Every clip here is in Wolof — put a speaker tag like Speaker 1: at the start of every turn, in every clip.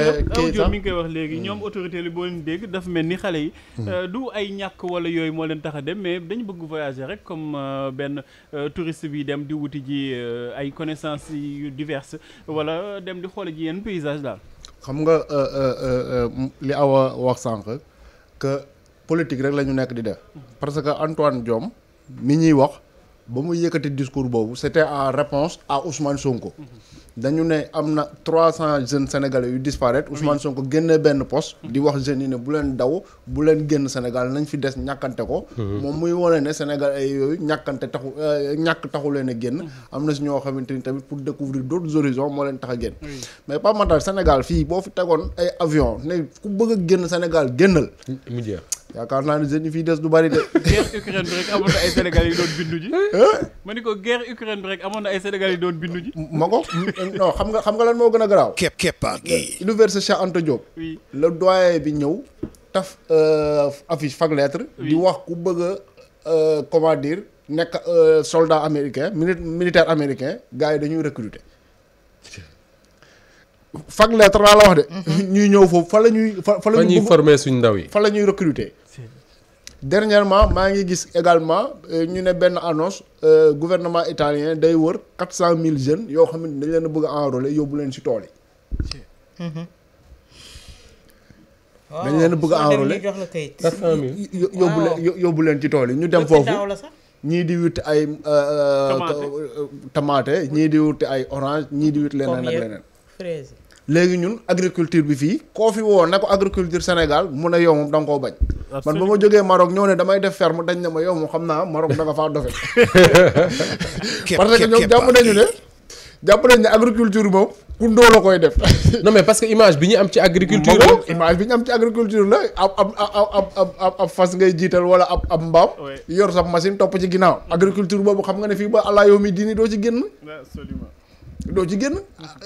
Speaker 1: Euh, aw jor mi ngi koy wax léegi hmm. ñoom autorité li boo leen dégg dafa mel ni xale yi hmm. euh, du ay ñàkk wala yooyu moo leen tax a dem mais dañu bëgg voyager rek comme euh, benn touriste bi dem di wuti ji ay connaissances yu diverses wala dem di xoole ji yenn paysage daal
Speaker 2: xam nga li awa wax sànq que politique rek la ñu nekk di def hmm. parce que Antoine Diome mi ñuy wax ba muy yëkkati discours boobu c'était en réponse à Ousmane Sonko. dañu ne am na trois cent jeunes sénégalais yu disparaître Ousmane Sonko génne benn poste. di wax jeunes yi ne bu leen daw bu leen génn Sénégal nañ fi des ñàkkante ko. moom muy wane ne Sénégal ay yooyu ñàkkante taxu euh, ñàkk taxu leen a génn. am na si ñoo xamante ni tamit pour découvrir d'autres horizons moo leen tax a génn. mais Pape Matar Sénégal fii boo fi tegoon ay avion ne ku bëgg a génn Sénégal génnal. yaakaar naa ne jeunes yi fii des du bari de. guerre
Speaker 1: Ukraine bi rek amoon na ay Sénégalais yi doon bindu ma ni ko guerre Ukraine amoon na ay Sénégalais yi doon bindu
Speaker 2: ma ko non xam nga xam nga lan moo gën a garaaw. képp képpa gi. université Cheikh Anta bi ñëw taf euh, affiche fac lettre. di wax ku bëgg a euh, comment dire nekk euh, soldat américain militaire américain gars yi dañuy recruter. fac lettre laa la wax de. Mhm. ñuy ñëw foofu fa la ñuy. fa fa la ñuy former suñ ndaw yi. fa la ñuy recruter. dernièrement maa ngi gis également euh, ñu ne benn annonce euh, gouvernement italien day wër quatre cent mille jeunes yoo xam ne dañ leen bëgg a yóbbu leen ci tool yi.
Speaker 3: Mhm.
Speaker 1: dañ leen bëgg a enrôler quatre cent mille
Speaker 2: yóbbu leen yóbbu tool yi ñu dem foofu. ñii di wuti ay. Euh, tamaate ñii di wuti ay orange ñii di wuti leneen ak
Speaker 3: leneen.
Speaker 2: léegi ñun agriculture bi fii koo fi woo ne ko agriculture Sénégal mun a yow moom da nga koo bañ. man ba ma jógee Maroc ñoo ne damay def ferme dañ ne ma yow moom xam naa Maroc da nga faa dofe
Speaker 4: parce que ñoom
Speaker 2: jàpp nañu ne. jàpp nañ ne agriculture moom kundoo la koy def. non mais parce que image bi ñu am ci agriculture. image bi ñu am ci agriculture la ab ab ab fas ngay jiital wala ab ab mbaam. yor sa machine topp ci ginnaaw. agriculture boobu xam nga ne fii ba allah yow mi diini doo ci génn. doo ci génn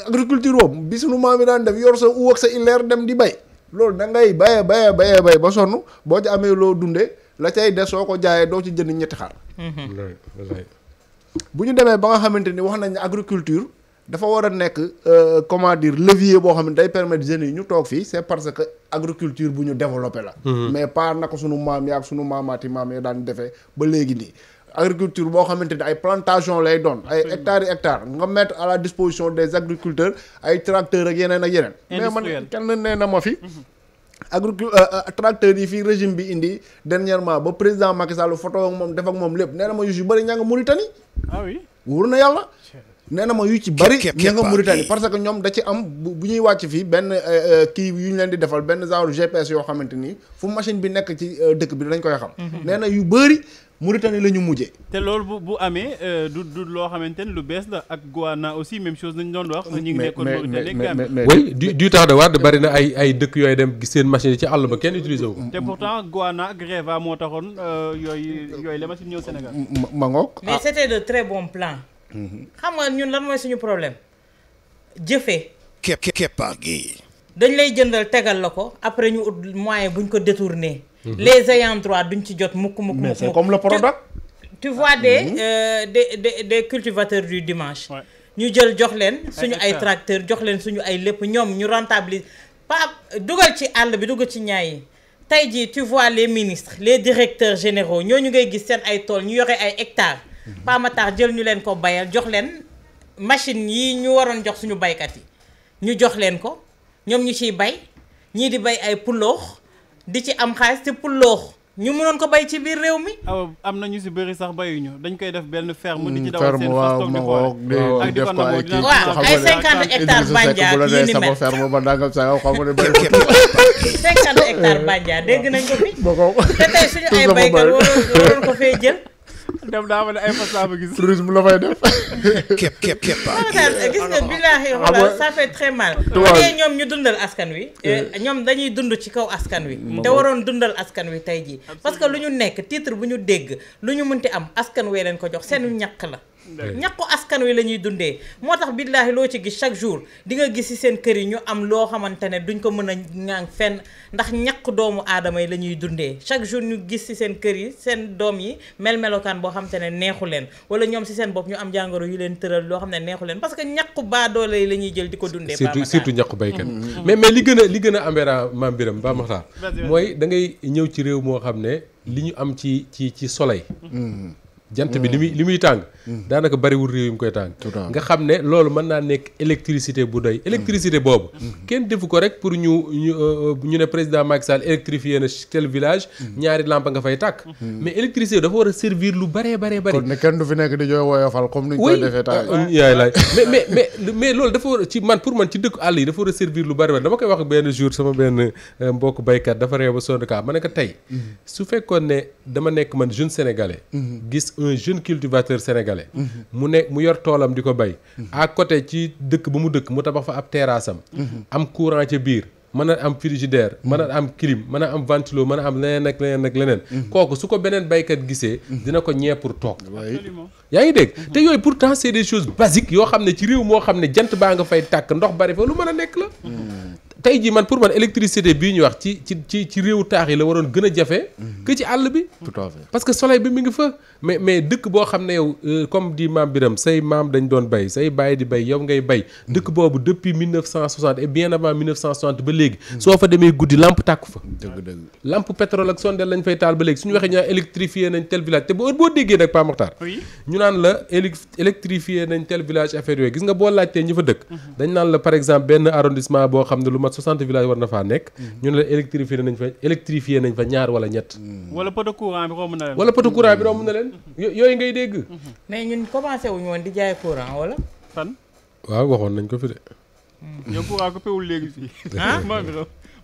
Speaker 2: agriculture boobu bi sunu maam yi daan def yor sa uw ak sa illeer dem di bay loolu da ngay baye baye baye bay ba sonn boo ci amee loo dundee la cay des soo ko jaayee doo ci jënd ñetti xar
Speaker 4: mhm.
Speaker 2: bu ñu demee ba nga xamante ni wax nañ ne agriculture dafa war a nekk euh, comment dire levier boo xam ne day permettre jeunes yi ñu toog fii c'est parce que agriculture bu ñu développé la mhm. mais pas na ko sunu maam yaak sunu maamaati maam ya daan defee ba léegi nii agriculture boo xamante ni ay plantation lay doon ay hectares hectares nga mettre à la disposition des agriculteurs ay tracteurs ak yeneen ak yeneen mais man kenn nee na ma fi mhm. agricu euh, euh, tracteurs yi fii régime bi indi dernièrement ba président Macky Sall photo ak moom def ak moom lépp nee na ma yu si bëri ña nga Mauritanie ah oui wóor na yàlla nee na ma yu ci bari ña nga Mauritanie parce que ñoom da ci am bu ñuy wàcc fii benn euh, euh, kii yu ñu leen di defal benn genre GPS yoo xamante nii fu machine bi nekk ci euh, dëkk bi dañ koy xam mhm. nee yu bari Mauritanie la ñu
Speaker 1: te loolu bu bu amee du du loo xamante ni lu bees la ak Guyana aussi même chose nañ doon wax. ñu ngi nekkoon
Speaker 4: Mauritanie tax de Wade bari na ay dëkk yooyu dem seen machine yi ci àll ba kenn utilisé te pourtant Guyana
Speaker 1: ak moo taxoon yooyu la machine ñëw Sénégal. ma ma ngoog mais ah. c'était de très bon plan.
Speaker 3: xam nga ñun lan mooy suñu problème jëfee.
Speaker 1: képp képpaa gi.
Speaker 3: dañ lay jëndal tegal la ko après ñu ut moyen buñ ko détourner.
Speaker 2: Mhm.
Speaker 1: les
Speaker 3: ayants droit ñu ci jot mukk mukk. mais c'est comme le product. tu vois des mhm. euh, des de des cultivateurs du dimanche. ñu jël jox leen suñu ay tracteur jox leen suñu ay lépp ñoom ñu rentabiliser pa dugal ci àll bi dugal ci ñaay yi tey jii tu vois les ministres les directeurs ñoo ñu ngay gis seen ay tool ñu yore ay hectares. Pape Matar jël ñu leen ko bayal jox leen machine yi ñu waroon jox suñu baykat yi ñu jox leen ko ñoom ñu ciy
Speaker 1: bay ñii di bay ay pulloox di ci am xaalis te pulloox ñu mënoon ko bay ci biir réew mi. am na ñu si bëri sax bayuñu dañ koy def benn ferme. di ci dawal mm, seen fas ni mel
Speaker 2: ferme ba dangam sa yow
Speaker 3: xam nga ne bay 50 hectares banja dégg nañ ko fi. te suñu ay baykat waroon ko fee jël. dem daa ma ne ay façon gis. tourisme la fay def.
Speaker 1: képp képp képp.
Speaker 3: gis nga billaahi wala ça fait très mal. tubaab bu ñoom ñu dundal askan wi. Eh, ñoom dañuy dund ci kaw askan wi. te waroon dundal askan wi tey jii. parce que lu ñu nekk titre bu ñu dégg lu ñu mun ti am askan wee leen ko jox seen ñàkk la. ñàkku askan wi la ñuy dundee moo tax billaahi loo ci gis chaque jour dinga gis ci seen kër yi ñu am loo xamante ne duñ ko mën a ñaan fenn ndax ñàkk doomu aadama yi la ñuy dundee chaque jour ñu gis ci seen kër yi seen doom yi mel-melokaan boo xamante ne neexu leen wala ñoom ci seen bopp ñu am jàngoro yu leen tëral loo xam ne neexu leen parce que ñàkku baadoole yi la ñuy jël di ko dundee surtout surtout ñàkku baykat mm-hmm. mais
Speaker 4: mais li gën a li gën a ambera maam biram ba mooy da ngay ñëw ci réew moo xam ne li ñu am ci ci ci soleil mm-hmm. jant bi li muy li muy daanaka bariwul réew yi mu koy tàng nga xam ne loolu mën naa nekk électricité bu doy électricité boobu mm-hmm. kenn defu ko rek pour ñu ñu euh, ñu ne président Macky Sall électrifié na tel village mm-hmm. ñaari lampe nga fay tàkk mm-hmm. mais électricité dafa war a servir lu baree baree bari
Speaker 2: kon ne fi nekk di jooy woyofal comme ni ñu
Speaker 4: euh, euh, loolu dafa war man pour man ci dëkk àll yi dafa war lu bari bari dama koy wax benn jour sama benn mbokk baykat dafa réew ba sonn ka ma ne ko tey su fekkoon ne dama nekk man jeune sénégalais gis un jeune cultivateur sénégal sénégalais. mu ne mu yor toolam di ko bay. à coté ci dëkk ba mu dëkk mu tabax fa ab terrasse am. am courant ca biir. mën a am frigidaire mën a am clim mën a am ventilo mën a am leneen ak leneen ak kooku su ko beneen baykat gisee dina ko ñee pour toog yaa ngi dégg te yooyu pourtant c'est des choses basiques yoo xam ne ci réew moo xam ne jant baa nga fay tàkk ndox bari fa lu mën a nekk la tey jii man pour man électricité bii ñu wax ci ci ci ci réewu taax yi la waroon gën a jafe. Mhm. que ci àll bi. tout soleil bi mi ngi fa. mais mais dëkk boo xam ne yow euh, comme di maam Biram et bien avant 1960 ba léegi. Mhm. soo fa demee guddi lampe tàkku fa. dëgg dëgg lampe pétrole ak sondeel lañ fay taal ba léegi suñu waxee ñu naan électrifié nañ tel village te boo boo déggee nag Paa Mokhtar. ñu naan la électrifié nañ tel village affaire yooyu gis nga boo laajtee ñu fa dëkk. Mhm. dañ naan la par exemple benn 60 villages war na faa nekk. Mhm. ñu ne la électrifié nañ fa électrifié nañ fa ñaar wala ñett. Mhm. wala poto
Speaker 1: courant bi romb na wala poto courant bi romb na
Speaker 4: leen. Mhm. yooyu ngay dégg.
Speaker 3: mais ñun commencé wuñu woon di jaay courant wala. fan.
Speaker 4: waaw waxoon nañ ko fi de.
Speaker 3: yow courant coupé wul léegi fii. ah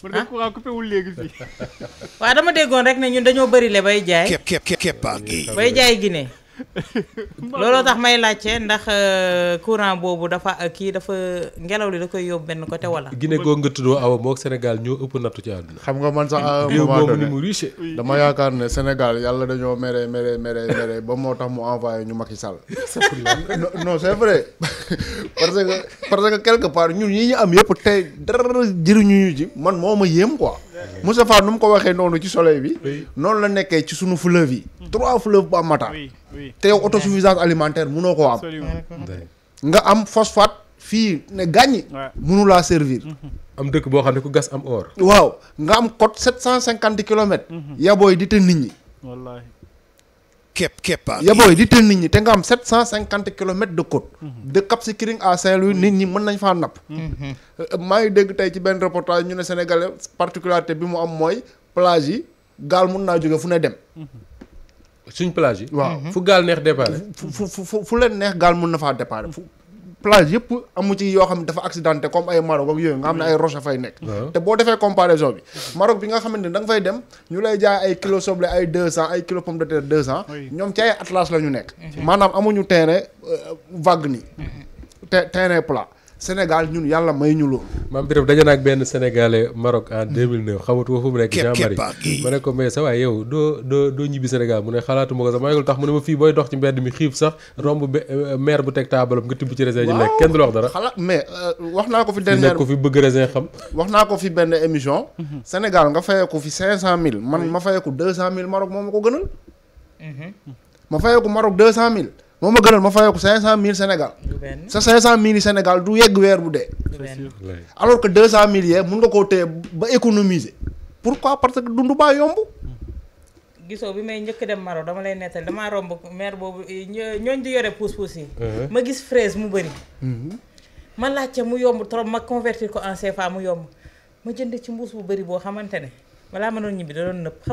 Speaker 3: wul léegi fii. waaw dama déggoon rek ne ñun dañoo bëri le bay jaay.
Speaker 4: képp képp képp bay
Speaker 3: jaay Guinée. looloo tax may laajte ndax euh, courant boobu dafa kii dafa ngelaw li da koy yóbbu benn côté wala. Guinée koo
Speaker 4: nga tuddoo awa moog Sénégal ñoo ëpp nattu ci àdduna. xam nga man sax à un moment donné mu riche. dama yaakaar ne Sénégal
Speaker 2: yàlla dañoo mere mere mere mere ba moo tax mu envoyé ñu Macky Sall. non c'est vrai parce que parce que quelque part ñun yi ñu am yëpp tey dara jëriñu ñu ji man moo ma yéem ko Moustapha nu mu ko waxee noonu ci soleil bi. noonu la nekkee ci sunu fleuve yi. Mm-hmm. trois fleuve bu am Matar. te yow autosuffisance alimentaire munoo koo am. nga am phosphate fii ne gàññi. mënulaa servir. Mm-hmm. am dëkk boo xam ne
Speaker 4: ku gas am or.
Speaker 2: waaw nga am côte sept cent cinquante kilomètres. Mm-hmm. yabooy di te nit ñi. wallaahi. képp képp ya booy di tël nit ñi te nga am sept cent cinquante kilomètres de côte mhm. de Cap Skirring à Saint-Louis nit ñi mën nañ faa napp mhm. euh, maa ngi dégg tey ci benn reportage ñu ne sénégalais particularité bi mu am mooy plage yi gaal mun naa jóge fu ne dem suñ plage yi waaw fu gaal neex départ fu fu fu leen neex gaal mun na faa départ plage yëpp amu yoo xam ne dafa accidenté comme ay Maroc ak yooyu nga xam ne ay roche fay nekk te boo defee comparaison bi Maroc bi nga xamante ne da nga fay dem ñu lay jaay ay kilo soble ay deux cent ay kilo pomme de terre deux cent ñoom ci ay atlas la nekk maanaam amuñu terrain euh, vague nii mm-hmm. te terrain plat Sénégal ñun yàlla may ñu
Speaker 4: maam Birame daje naa ak benn sénégalais Maroc en 2009 xamatu ma fu mu nekk. Jean ma ne ko mais sa waay yow doo doo doo ñibbi Sénégal mu ne xalaatu ma ko sax maa ngi tax ma fii booy dox euh, wax dara.
Speaker 2: Euh, naa ko fi. dernière ko
Speaker 4: fi bëgg raisin xam.
Speaker 2: wax naa ko fi benn émission. Mhm. Sénégal nga fayeeku fi 500000 man ma fayeeku 200000 Maroc moom ma ko gënal. Mhm. ma fayeeku Maroc 200000. moo ma gënal ma fayeeku cinq cent mille Sénégal sa cinq cent mille yi Sénégal du yegg weer bu dee alors que deux cent mille yee mun nga koo téye ba économiser pourquoi parce que dundu baa yomb
Speaker 3: gisoo bi may njëkk dem Maroc dama lay nettali damaa romb maire boobu ñooñ di yore puus-puus yi uh-huh. ma gis fraise mu bëri mm-hmm. ma laajte mu yomb trop ma convertir ko en CFA mu yomb ma jënd ci mbuus bu bëri boo xamante ne balaa ma doon ñibbi da doon nëpp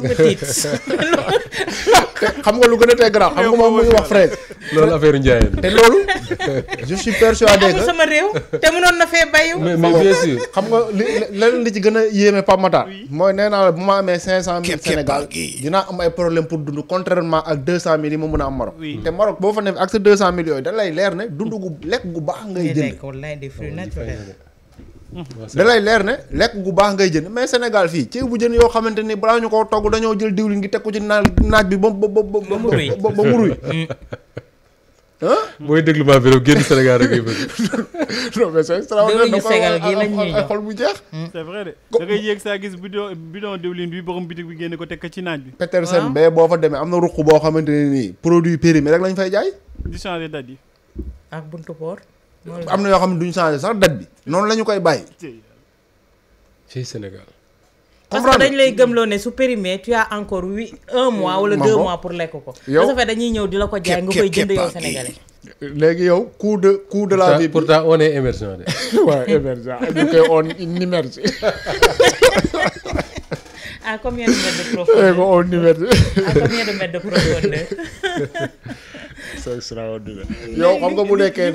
Speaker 2: xam nga lu gën a tey garaaw xam nga moom muy wax fraise.
Speaker 4: loolu affaire njaayeen te loolu.
Speaker 2: je suis persuadé que sama réew. te xam nga li leneen li ci gën a yéeme Pape Matar. mooy nee naa la bu ma amee 500000. Sénégal dinaa am ay problème pour dund contrairement ak 200000 yi ma mën a am Maroc. boo fa nekk ak sa leer ne dund gu lekk gu baax ngay jënd. day lekk
Speaker 3: walaay da lay leer ne lekk
Speaker 2: gu baax ngay jënd mais Sénégal fii ci bu jën yoo xamante ni balaa ñu koo togg dañoo jël diwlin gi teg ko ci naaj bi ba ba ba ba mu ruy ba mu ruy ah
Speaker 4: booy déglu bi rek génn Sénégal rek ngay bëgg.
Speaker 2: non mais bu jeex.
Speaker 1: Mm. c'est vrai de da ngay yéeg saa gis bidon bidon diwlin bi bi génn ko teg ci naaj bi. Petersen ah. bee boo fa
Speaker 2: demee am na ruq boo xamante ne nii produit périmé rek lañ fay jaay.
Speaker 1: di changer date yi. ak buntu port.
Speaker 4: am na
Speaker 3: yoo xam ne duñ changé sax date bi noonu la ñu koy bàyyi. ci Sénégal. parce que dañ lay gëmloo ne su périmé tu as encore huit un mois mm. wala deux mois pour lekk ko. yow bu dañuy ñëw di la ko jaay nga koy jënd yow sénégalais.
Speaker 4: de coût de la vie. pourtant on est émergent de. waaw émergent ñu eh
Speaker 3: yow xam nga bu nekkee.